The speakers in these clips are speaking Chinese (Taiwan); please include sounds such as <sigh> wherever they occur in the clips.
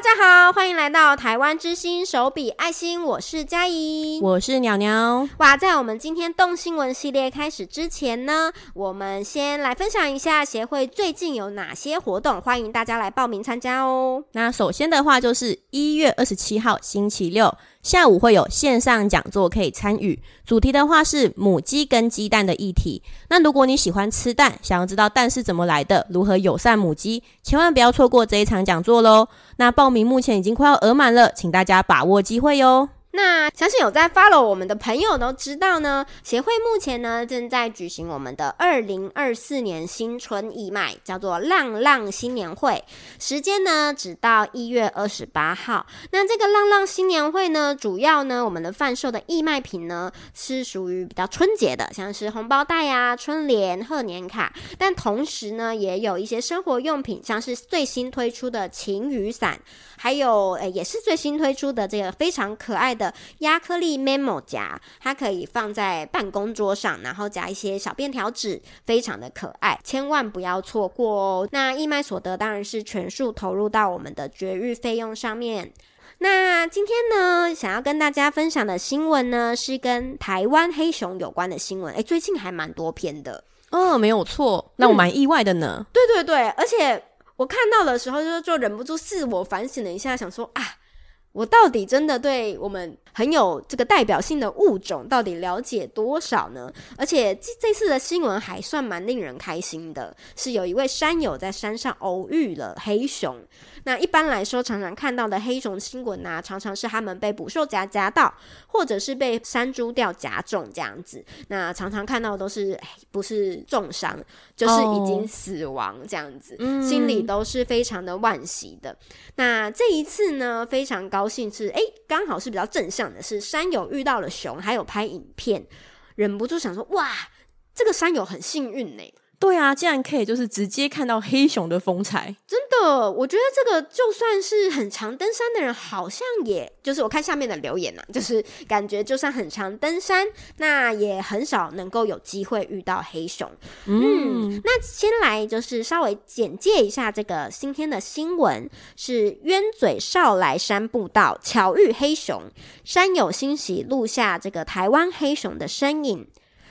大家好，歡迎來到台灣之星手筆愛心，我是嘉怡，我是鳥鳥。哇，在我們今天動心聞系列開始之前呢，我們先來分享一下協會最近有哪些活動，歡迎大家來報名參加哦。那首先的話就是一月二十七號星期六。下午會有線上講座可以參與，主題的話是母雞跟雞蛋的議題。那如果你喜歡吃蛋，想要知道蛋是怎麼來的，如何友善母雞，千萬不要錯過這一場講座嘍。那報名目前已經快要額滿了，請大家把握機會喲。那相信有在 follow 我們的朋友都知道呢，協會目前呢正在舉行我們的2024年新春義賣，叫做浪浪新年會，時間呢只到一月二十八號。那這個浪浪新年會呢，主要呢我們的販售的義賣品呢是屬於比較春節的，像是紅包袋呀、春聯、賀年卡，但同時呢也有一些生活用品，像是最新推出的晴雨傘，還有呃也是最新推出的這個非常可愛的。壓克力 memo 夾，它可以放在辦公桌上，然後夾一些小便條紙，非常的可愛，千萬不要錯過哦。那義賣所得當然是全數投入到我們的絕育費用上面。那今天呢，想要跟大家分享的新聞呢，是跟台灣黑熊有關的新聞。誒，最近還蠻多篇的。嗯、哦，沒有錯，那我蠻意外的呢。嗯、對對對，而且我看到的時候，就就忍不住自我反省了一下，想說啊。我到底真的對我們很有這個代表性的物種到底了解多少呢？而且這這次的新聞還算蠻令人開心的，是有一位山友在山上偶遇了黑熊。那一般來說，常常看到的黑熊新聞呢，常常是他們被捕獸夾夾到，或者是被山豬吊夾中這樣子。那常常看到的都是，不是重傷，就是已經死亡這樣子，oh. 心裡都是非常的惋惜的。Mm. 那這一次呢，非常高興是，哎、欸，剛好是比較正向的，是山友遇到了熊，還有拍影片，忍不住想說，哇，這個山友很幸運呢、欸。對啊，竟然可以就是直接看到黑熊的風采，真的，我覺得這個就算是很常登山的人，好像也就是我看下面的留言吶、啊，就是感覺就算很常登山，那也很少能夠有機會遇到黑熊。嗯，嗯，那先來就是稍微簡介一下這個今天的新聞，是鳶嘴稍來山步道巧遇黑熊，山友欣喜錄下這個台灣黑熊的身影。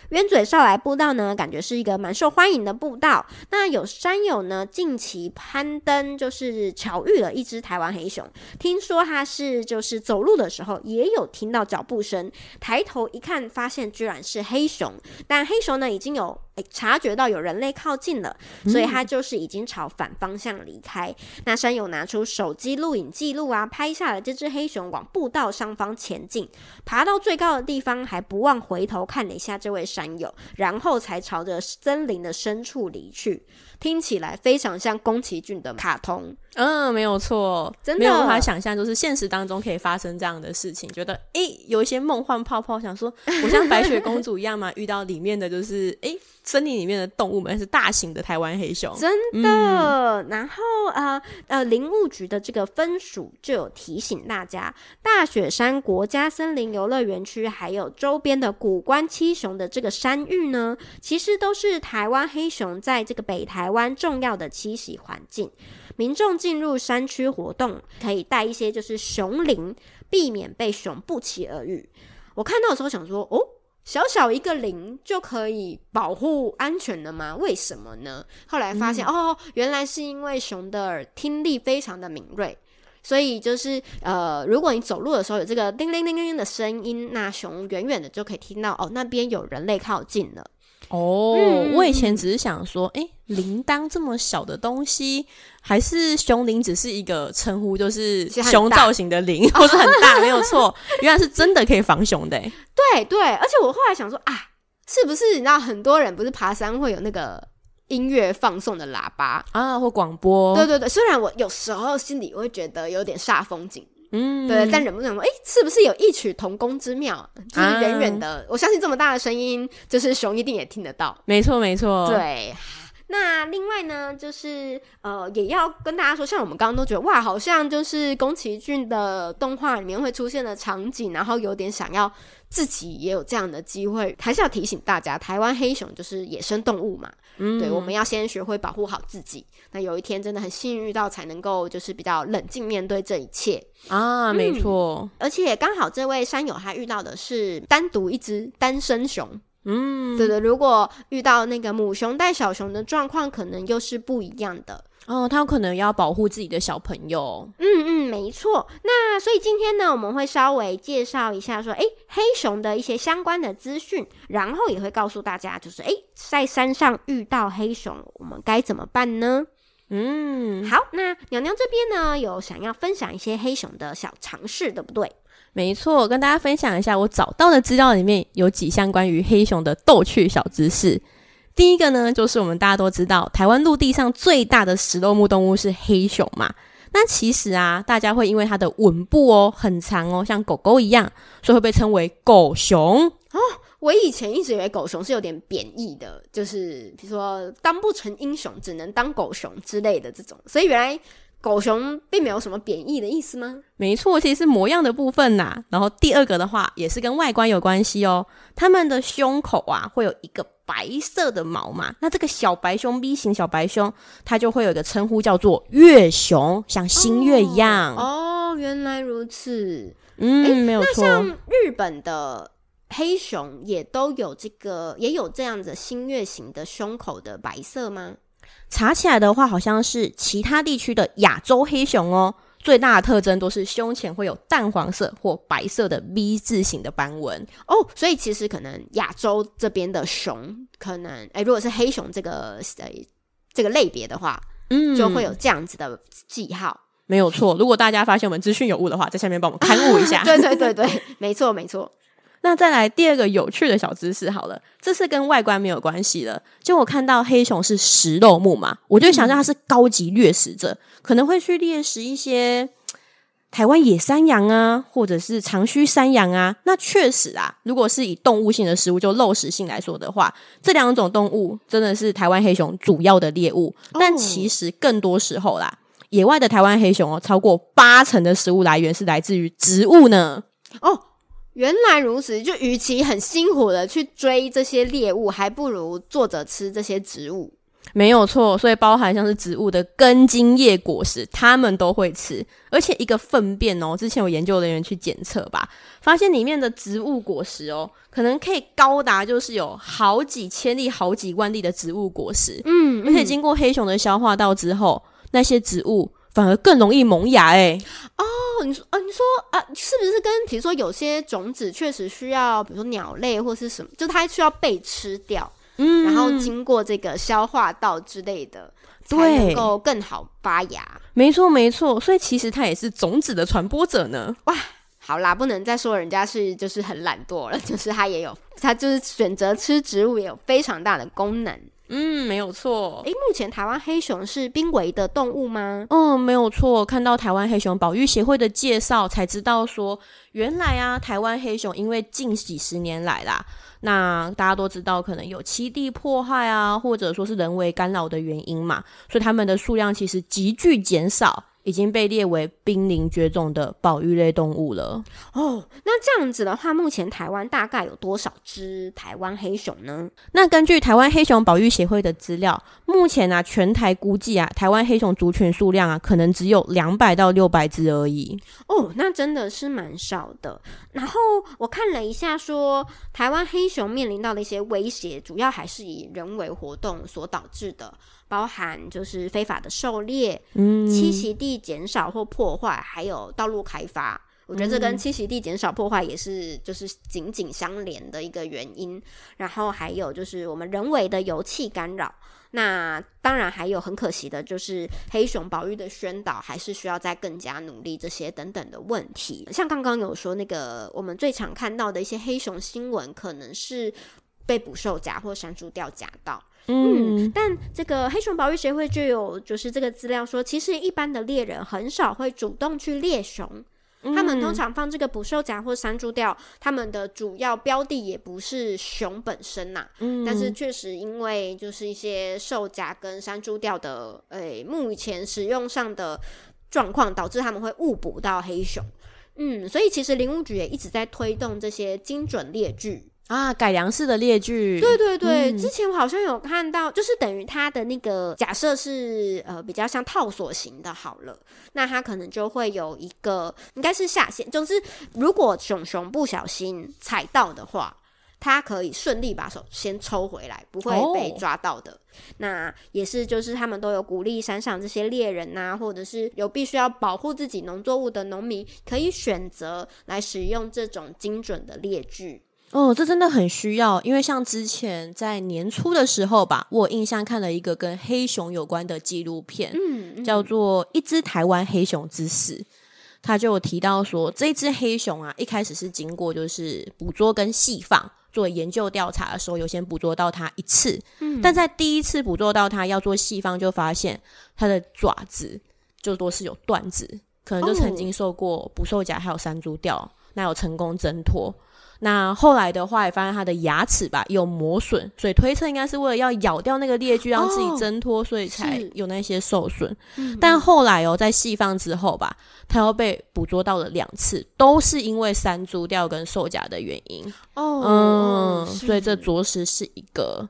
鳶嘴稍來步道呢，感覺是一個蠻受歡迎的步道。那有山友呢，近期攀登就是巧遇了一隻台灣黑熊。聽說它是就是走路的時候也有聽到腳步聲，抬頭一看，發現居然是黑熊。但黑熊呢，已經有。欸，察覺到有人類靠近了，嗯、所以他就是已經朝反方向離開。那山友拿出手機錄影記錄啊，拍下了這隻黑熊往步道上方前進，爬到最高的地方還不忘回頭看了一下這位山友，然後才朝着森林的深處離去。聽起來非常像宮崎駿的卡通，嗯、哦，沒有錯，真的沒有辦法想象，就是現實當中可以發生這樣的事情，覺得誒、欸，有一些夢幻泡泡，想說我像白雪公主一樣嘛， <laughs> 遇到裡面的就是誒，森、欸、林裡，裡面的動物們是大型的台灣黑熊，真的。嗯、然後呃呃，林務局的這個分署就有提醒大家，大雪山國家森林遊樂園區還有周邊的谷關七雄的這個山域呢，其實都是台灣黑熊在這個北台台灣重要的棲息環境，民眾進入山區活動可以帶一些就是熊鈴，避免被熊不期而遇。我看到的時候想說，哦，小小一個鈴就可以保護安全了嗎？為什麼呢？後來發現，嗯、哦，原來是因為熊的聽力非常的敏銳。所以就是呃，如果你走路的時候有這個叮鈴鈴鈴的聲音，那熊遠遠的就可以聽到哦，那邊有人類靠近了。哦，嗯、我以前只是想說，誒、欸，鈴鐺這麼小的東西，還是熊鈴只是一個稱呼，就是熊造型的鈴，或是很大，沒有錯。哦、 <laughs> 原來是真的可以防熊的。對對，而且我後來想說啊，是不是你知道很多人不是爬山會有那個？音樂放送的喇叭啊，或廣播，對對對。雖然我有時候心裡我會覺得有點煞風景，嗯，對，但忍不住想，哎，是不是有異曲同工之妙？就是遠遠的，啊。我相信這麼大的聲音，就是熊一定也聽得到。沒錯，沒錯，對。那另外呢，就是呃，也要跟大家說，像我們剛剛都覺得哇，好像就是宮崎駿的動畫裡面會出現的場景，然後有點想要自己也有這樣的機會，還是要提醒大家，台灣黑熊就是野生動物嘛，嗯、對，我們要先學會保護好自己。那有一天真的很幸運遇到，才能夠就是比較冷靜面對這一切啊，沒錯、嗯。而且剛好這位山友他遇到的是單獨一隻單身熊。嗯，對的。如果遇到那個母熊帶小熊的狀況，可能又是不一樣的哦。它可能要保護自己的小朋友。嗯嗯，沒錯。那所以今天呢，我們會稍微介紹一下說，誒，黑熊的一些相關的資訊，然後也會告訴大家，就是誒，在山上遇到黑熊，我們該怎麼辦呢？嗯，好，那娘娘這邊呢，有想要分享一些黑熊的小常識，對不對？沒錯，我跟大家分享一下我找到的資料，裡面有幾項關於黑熊的逗趣小知識。第一個呢，就是我們大家都知道，台灣陸地上最大的食肉目動物是黑熊嘛。那其實啊，大家會因為它的吻部哦很長哦，像狗狗一樣，所以會被稱為狗熊哦。我以前一直以為狗熊是有點貶義的，就是比如說當不成英雄，只能當狗熊之類的這種。所以原來。狗熊並沒有什麼貶義的意思嗎？沒錯，其實是模樣的部分吶、啊。然後第二個的話，也是跟外觀有關係哦。它們的胸口啊，會有一個白色的毛嘛。那這個小白熊 V 型小白熊，它就會有一個稱呼叫做月熊，像新月一樣哦。哦，原來如此。嗯，誒沒有錯。那像日本的黑熊，也都有這個，也有這樣子新月型的胸口的白色嗎？查起來的話，好像是其他地區的亞洲黑熊哦。最大的特徵都是胸前會有淡黃色或白色的 V 字形的斑紋哦。所以其實可能亞洲這邊的熊，可能誒如果是黑熊這個呃這個類別的話，嗯，就會有這樣子的記號。沒有錯。如果大家發現我們資訊有誤的話，在下面幫我們勘誤一下。啊、對對對對，沒錯 <laughs> 沒錯。沒錯。那再來第二個有趣的小知識好了，這是跟外觀沒有關係的。就我看到黑熊是食肉目嘛，我就想象它是高級掠食者，嗯、可能會去獵食一些台灣野山羊啊，或者是長鬃山羊啊。那確實啊，如果是以動物性的食物就肉食性來說的話，這兩種動物真的是台灣黑熊主要的獵物。但其實更多時候啦，哦、野外的台灣黑熊哦，超過八成的食物來源是來自於植物呢。哦。原來如此，就與其很辛苦的去追這些獵物，還不如坐着吃這些植物。沒有錯，所以包含像是植物的根莖葉、果實，他們都會吃。而且一個糞便哦，之前有研究的人去檢測吧，發現裡面的植物果實哦，可能可以高達就是有好幾千粒、好幾萬粒的植物果實。嗯，嗯，而且經過黑熊的消化道之後，那些植物反而更容易萌芽，欸。哎，哦。哦、你說啊？你說啊？是不是跟比如說有些種子確實需要，比如說鳥類或是什麼，就它需要被吃掉，嗯，然後經過這個消化道之類的，對，才能夠更好發芽。沒錯，沒錯。所以其實它也是種子的傳播者呢。哇，好啦，不能再說人家是就是很懶惰了，就是它也有，它就是選擇吃植物也有非常大的功能。嗯，沒有錯。欸，目前台灣黑熊是瀕危的動物嗎？嗯，沒有錯。看到台灣黑熊保育協會的介紹，才知道說，原來啊，台灣黑熊因為近幾十年來啦，那大家都知道，可能有棲地破壞啊，或者說是人為干擾的原因嘛，所以它們的數量其實急劇減少。已經被列為瀕臨絕種的保育類動物了哦。那這樣子的話，目前台灣大概有多少隻台灣黑熊呢？那根據台灣黑熊保育協會的資料，目前啊，全台估計啊，台灣黑熊族群數量啊，可能只有兩百到六百隻而已。哦，那真的是蠻少的。然後我看了一下說，說台灣黑熊面臨到的一些威脅，主要還是以人為活動所導致的，包含就是非法的狩獵、嗯、棲息地。減少或破壞，還有道路開發，我覺得這跟棲息地減少破壞也是就是緊緊相連的一個原因。嗯、然後還有就是我們人為的油氣干擾，那當然還有很可惜的就是黑熊保育的宣導還是需要再更加努力這些等等的問題。像剛剛有說那個我們最常看到的一些黑熊新聞，可能是被捕獸夾或山豬吊夾到。嗯，嗯，但這個黑熊保育協會就有就是這個資料說，其實一般的獵人很少會主動去獵熊，嗯、他們通常放這個捕獸夾或山豬吊，他們的主要標的也不是熊本身吶、啊。嗯，但是確實因為就是一些獸夾跟山豬吊的，誒、欸，目前使用上的狀況，導致他們會誤捕到黑熊。嗯，所以其實林務局也一直在推動這些精準獵具。啊，改良式的獵具，對對對，嗯、之前我好像有看到，就是等於它的那個假設是呃比較像套索型的，好了，那它可能就會有一個應該是下限。就是如果熊熊不小心踩到的話，它可以順利把手先抽回來，不會被抓到的。Oh. 那也是就是他們都有鼓勵山上這些獵人吶、啊，或者是有必須要保護自己農作物的農民，可以選擇來使用這種精準的獵具。哦，這真的很需要，因為像之前在年初的時候吧，我有印象看了一個跟黑熊有關的紀錄片，嗯，嗯叫做《一隻台灣黑熊之死》，他就有提到說，這一隻黑熊啊，一開始是經過就是捕捉跟繫放做研究調查的時候，有先捕捉到它一次，嗯，但在第一次捕捉到它要做繫放，就發現它的爪子就多是有斷趾，可能就曾經受過捕獸夾還有山豬吊，哦、那有成功掙脫。那後來的話，也發現它的牙齒吧有磨損，所以推測應該是為了要咬掉那個獵具，讓自己掙脫，哦、所以才有那些受損。是但後來哦，在釋放之後吧，它又被捕捉到了兩次，都是因為山豬吊跟獸夾的原因。哦、嗯，是所以這着實是一個。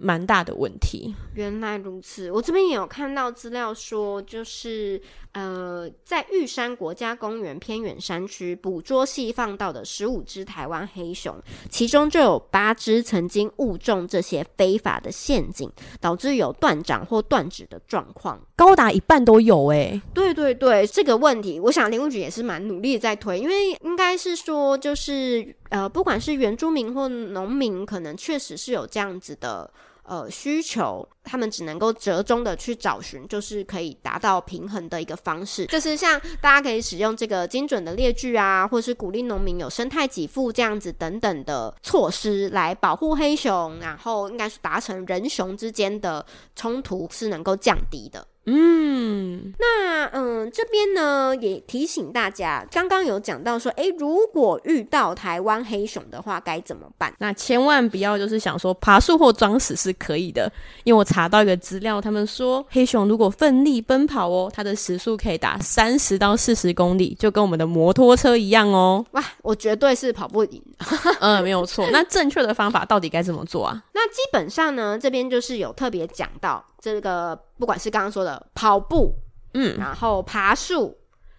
蠻大的問題，原來如此。我這邊也有看到資料說，就是呃，在玉山國家公園偏遠山區捕捉繫放到的十五隻台灣黑熊，其中就有八隻曾經誤中這些非法的陷阱，導致有斷掌或斷指的狀況，高達一半都有誒、欸。對對對，這個問題，我想林務局也是蠻努力在推，因為應該是說，就是呃，不管是原住民或農民，可能確實是有這樣子的。呃，需求，他們只能夠折中的去找尋，就是可以達到平衡的一個方式，就是像大家可以使用這個精準的獵具啊，或是鼓勵農民有生態給付這樣子等等的措施來保護黑熊，然後應該是達成人熊之間的衝突是能夠降低的。嗯，那嗯、呃，這邊呢也提醒大家，剛剛有講到說，誒、欸，如果遇到台灣黑熊的話該怎麼辦？那千萬不要就是想說爬樹或裝死是可以的，因為我查到一個資料，他們說黑熊如果奮力奔跑哦，它的時速可以達三十到四十公里，就跟我們的摩托車一樣哦。哇，我絕對是跑不贏。 <laughs> 嗯，沒有錯。那正確的方法到底該怎麼做啊？ <laughs> 那基本上呢，這邊就是有特別講到。這個不管是剛剛說的跑步，嗯，然後爬樹，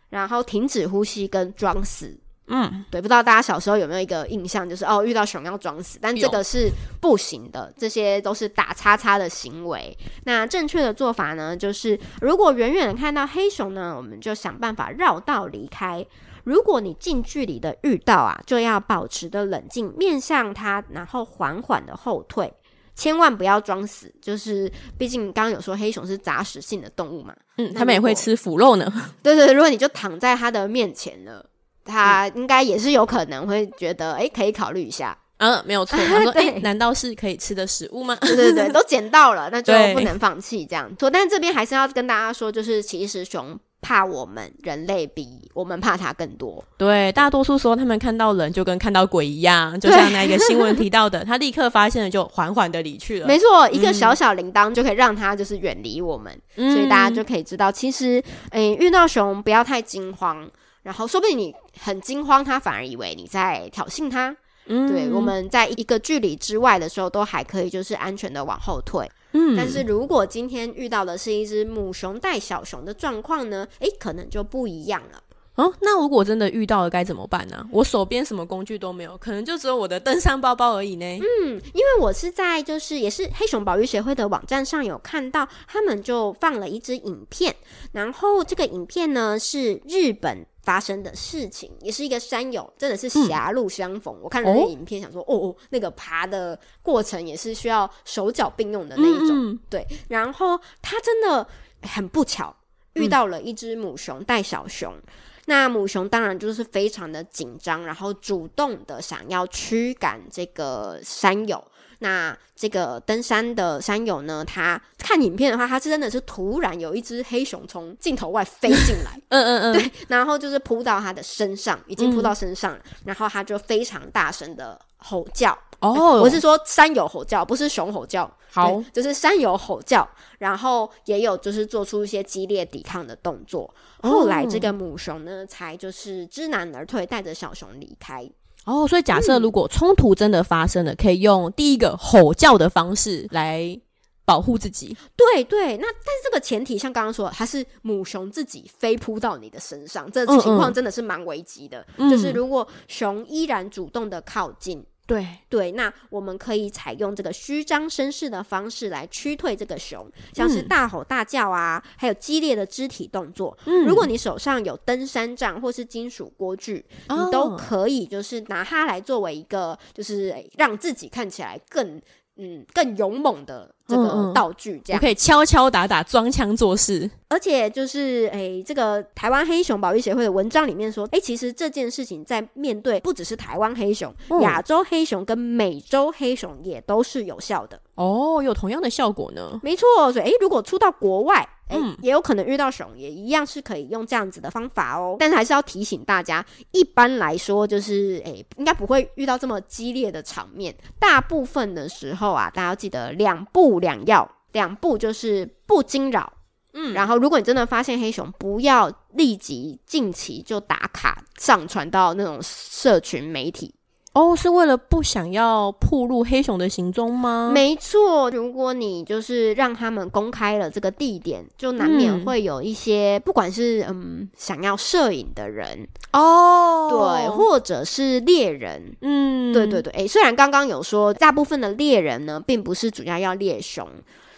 然後停止呼吸跟裝死，嗯，對，不知道大家小時候有沒有一個印象，就是哦，遇到熊要裝死，但這個是不行的，有這些都是打叉叉的行為。那正確的做法呢，就是如果遠遠的看到黑熊呢，我們就想辦法繞道離開。如果你近距離的遇到啊，就要保持的冷靜，面向它，然後緩緩的後退。千萬不要裝死，就是畢竟剛剛有說黑熊是雜食性的動物嘛，嗯，他們也會吃腐肉呢。對對對，如果你就躺在它的面前了，它應該也是有可能會覺得，哎，可以考慮一下。嗯，啊，沒有錯。他說，哎，難道是可以吃的食物嗎？對對對，都撿到了，那就不能放棄這樣子。對，但這邊還是要跟大家說，就是其實熊，怕我們人類比我們怕它更多。對，大多數時候他們看到人就跟看到鬼一樣，對就像那個新聞提到的， <laughs> 他立刻發現了就緩緩的離去了。沒錯，一個小小鈴鐺就可以讓它就是遠離我們，嗯、所以大家就可以知道，其實，嗯、欸，遇到熊不要太驚慌，然後說不定你很驚慌，它反而以為你在挑釁它。嗯，對，我們在一個距離之外的時候都還可以，就是安全的往後退。嗯，但是如果今天遇到的是一隻母熊帶小熊的狀況呢？誒、欸，可能就不一樣了。哦，那如果真的遇到了該怎麼辦呢？啊，我手邊什麼工具都沒有，可能就只有我的登山包包而已呢。嗯，因為我是在就是也是黑熊保育協會的網站上有看到，他們就放了一支影片，然後這個影片呢是日本。發生的事情也是一個山友，真的是狹路相逢。嗯、我看了那影片，想說哦，哦，那個爬的過程也是需要手腳並用的那一種。嗯嗯，對，然後他真的很不巧遇到了一隻母熊帶小熊，嗯、那母熊當然就是非常的緊張，然後主動的想要驅趕這個山友。那這個登山的山友呢，他看影片的話，他是真的是突然有一只黑熊從鏡頭外飛進來， <laughs> 嗯嗯嗯，對，然後就是撲到他的身上，已經撲到身上了，嗯、然後他就非常大聲的吼叫，哦，我是說山友吼叫，不是熊吼叫，好，就是山友吼叫，然後也有就是做出一些激烈抵抗的動作，後來這個母熊呢才就是知難而退，帶着小熊離開。哦，所以假設如果衝突真的發生了，嗯，可以用第一個吼叫的方式來保護自己。對對，那但是這個前提像剛剛說的，它是母熊自己飛撲到你的身上，這情況真的是蠻危急的。嗯嗯，就是如果熊依然主動的靠近。嗯嗯對對，那我們可以採用這個虛張聲勢的方式來驅退這個熊，像是大吼大叫啊，嗯，還有激烈的肢體動作。嗯，如果你手上有登山杖或是金屬鍋具，你都可以就是拿它來作為一個，就是，哎，讓自己看起來更嗯，更勇猛的這個道具，這樣嗯嗯，可以敲敲打打，裝腔作勢。而且就是，誒、欸，這個台灣黑熊保育協會的文章裡面說，誒、欸，其實這件事情在面對不只是台灣黑熊，亞、嗯、洲黑熊跟美洲黑熊也都是有效的哦，有同樣的效果呢？沒錯，所以誒、欸，如果出到國外。嗯、欸，也有可能遇到熊，也一樣是可以用這樣子的方法哦。但是還是要提醒大家，一般來說就是，哎、欸，應該不會遇到這麼激烈的場面。大部分的時候啊，大家要記得兩不兩要，兩不就是不驚擾，嗯，然後如果你真的發現黑熊，不要立即近期就打卡上傳到那種社群媒體。哦，是為了不想要暴露黑熊的行蹤嗎？沒錯，如果你就是讓他們公開了這個地點，就難免會有一些、嗯、不管是嗯想要攝影的人哦，對，或者是獵人，嗯，對對對。哎、欸，雖然剛剛有說大部分的獵人呢，並不是主要要獵熊。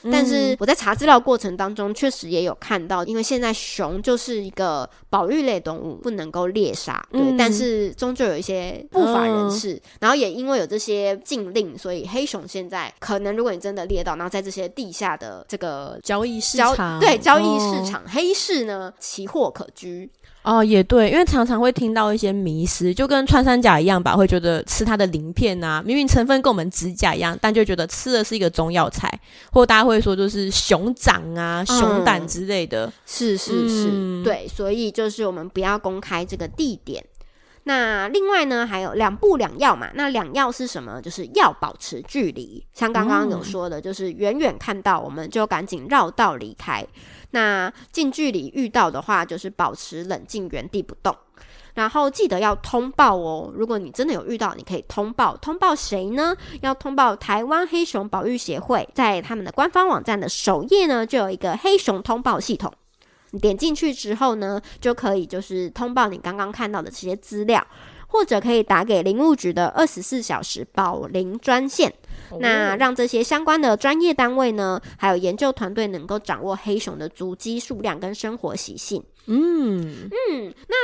但是我在查資料過程當中，確實也有看到，因為現在熊就是一個保育類動物，不能夠獵殺。對，嗯、但是終究有一些不法人士，嗯、然後也因為有這些禁令，所以黑熊現在可能，如果你真的獵到，然後在這些地下的這個交易市場，交對交易市場、哦、黑市呢，奇貨可居。哦，也對，因為常常會聽到一些迷思，就跟穿山甲一樣吧，會覺得吃它的鱗片吶、啊，明明成分跟我們指甲一樣，但就覺得吃的是一個中藥材，或大家會說就是熊掌啊、嗯、熊膽之類的，是是是，嗯、對，所以就是我們不要公開這個地點。那另外呢，還有兩不兩要嘛。那兩要是什麼？就是要保持距離，像剛剛有說的，嗯、就是遠遠看到我們就趕緊繞道離開。那近距離遇到的話，就是保持冷靜，原地不動。然後記得要通報哦。如果你真的有遇到，你可以通報，通報誰呢？要通報台灣黑熊保育協會，在他們的官方網站的首頁呢，就有一個黑熊通報系統。你點進去之後呢，就可以就是通報你剛剛看到的這些資料，或者可以打給林務局的二十四小時保林專線，哦哦，那讓這些相關的專業單位呢，還有研究團隊能夠掌握黑熊的足跡數量跟生活習性。嗯嗯，那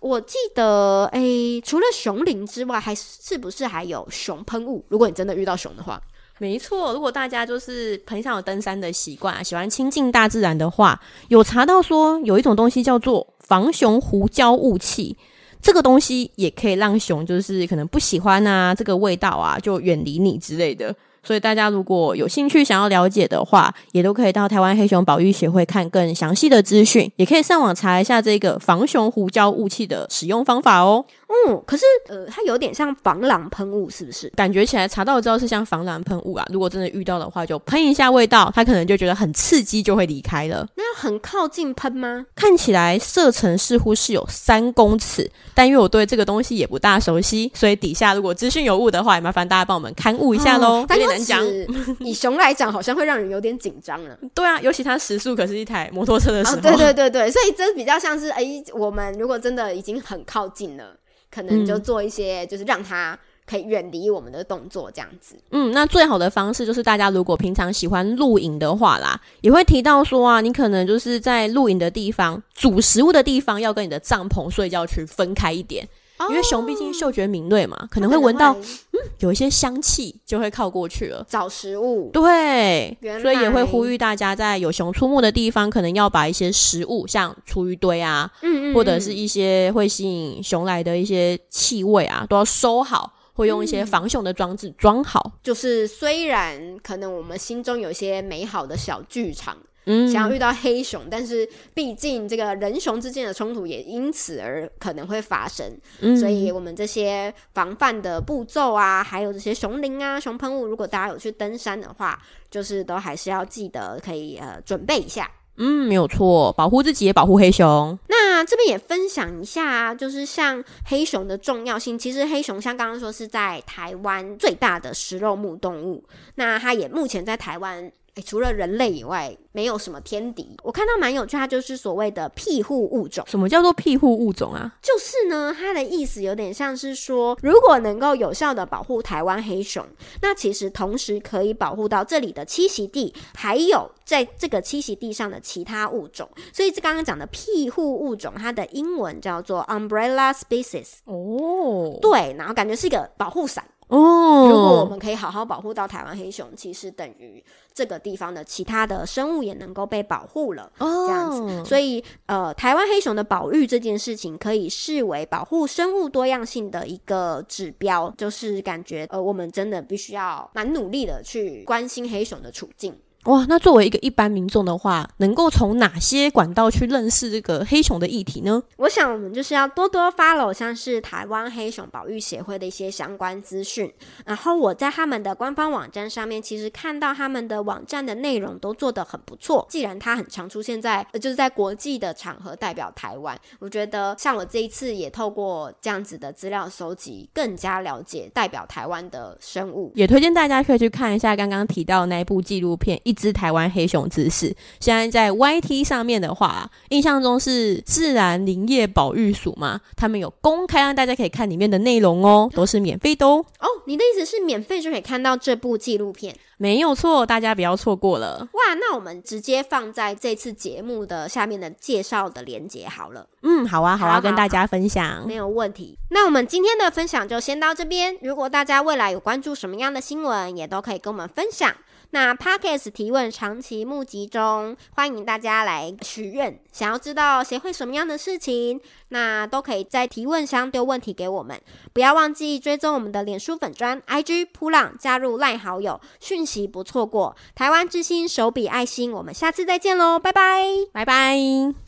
我記得誒、欸，除了熊鈴之外，還是不是還有熊噴霧？如果你真的遇到熊的話。沒錯，如果大家就是平常有登山的習慣啊，喜歡親近大自然的話，有查到說有一種東西叫做防熊胡椒霧氣，這個東西也可以讓熊就是可能不喜歡啊這個味道啊，就遠離你之類的。所以大家如果有興趣想要了解的話，也都可以到台灣黑熊保育協會看更詳細的資訊，也可以上網查一下這個防熊胡椒霧氣的使用方法哦。嗯，可是呃，它有點像防狼噴霧，是不是？感覺起來查到之後是像防狼噴霧啊。如果真的遇到的話，就噴一下味道，它可能就覺得很刺激，就會離開了。那要很靠近噴嗎？看起來射程似乎是有三公尺，但因為我對這個東西也不大熟悉，所以底下如果資訊有誤的話，也麻煩大家幫我們勘誤一下嘍。嗯講難以熊來講， <laughs> 好像會讓人有點緊張了。對啊，尤其他時速可是一台摩托車的時速。啊，對對對對，所以這比較像是哎，欸，我們如果真的已經很靠近了，可能就做一些就是讓它可以遠離我們的動作這樣子嗯。嗯，那最好的方式就是大家如果平常喜歡露營的話啦，也會提到說啊，你可能就是在露營的地方煮食物的地方要跟你的帳篷、睡覺區分開一點。因為熊畢竟嗅覺敏銳嘛，哦、可能會聞到會、嗯、有一些香氣，就會靠過去了找食物。對，原來所以也會呼籲大家，在有熊出沒的地方，可能要把一些食物，像廚餘堆啊，嗯，嗯，嗯或者是一些會吸引熊來的一些氣味啊，都要收好，會用一些防熊的裝置裝好。嗯、就是雖然可能我們心中有一些美好的小劇場。嗯，想要遇到黑熊，嗯、但是，畢竟這個人熊之間的衝突也因此而可能會發生，嗯、所以我們這些防範的步驟啊，還有這些熊鈴啊、熊噴霧，如果大家有去登山的話，就是都還是要記得可以呃準備一下。嗯，沒有錯，保護自己也保護黑熊。那這邊也分享一下，啊，就是像黑熊的重要性。其實黑熊像剛剛說是在台灣最大的食肉目動物，那它也目前在台灣，誒,除了人類以外，沒有什麼天敵。我看到蠻有趣，它就是所謂的庇護物種。什麼叫做庇護物種啊？就是呢，它的意思有點像是說，如果能夠有效地保護台灣黑熊，那其實同時可以保護到這裡的棲息地，還有。在這個棲息地上的其他物種，所以這剛剛講的庇護物種，它的英文叫做 umbrella species。哦，對，然後感覺是一個保護傘。哦，oh. 如果我們可以好好保護到台灣黑熊，其實等於這個地方的其他的生物也能夠被保護了。哦，oh. 這樣子，所以呃，台灣黑熊的保育這件事情，可以視為保護生物多樣性的一個指標，就是感覺呃，我們真的必須要蠻努力的去關心黑熊的處境。哇，那作為一個一般民眾的話，能夠從哪些管道去認識這個黑熊的議題呢？我想我們就是要多多 follow，像是台灣黑熊保育協會的一些相關資訊。然後我在他們的官方網站上面，其實看到他們的網站的內容都做得很不錯。既然他很常出現在就是在國際的場合代表台灣，我覺得像我這一次也透過這樣子的資料搜集，更加了解代表台灣的生物。也推薦大家可以去看一下剛剛提到的那一部紀錄片。隻台灣黑熊之死，現在在 YT 上面的話，印象中是自然林業保育署嘛？他們有公開讓大家可以看裡面的內容哦，都是免費的哦。哦，你的意思是免費就可以看到這部紀錄片？沒有錯，大家不要錯過了。哇，那我們直接放在這次節目的下面的介紹的鏈接好了。嗯，好啊，好啊，好好好跟大家分享沒有問題。那我們今天的分享就先到這邊。如果大家未來有關注什麼樣的新聞，也都可以跟我們分享。那 Podcast 提問長期募集中，歡迎大家來許願。想要知道協會什麼樣的事情，那都可以在提問箱丟問題給我們。不要忘記追蹤我們的臉書粉專、IG 噗浪，加入賴好友，訊息不錯過。台灣之心，手筆愛心，我們下次再見嘍，拜拜，拜拜。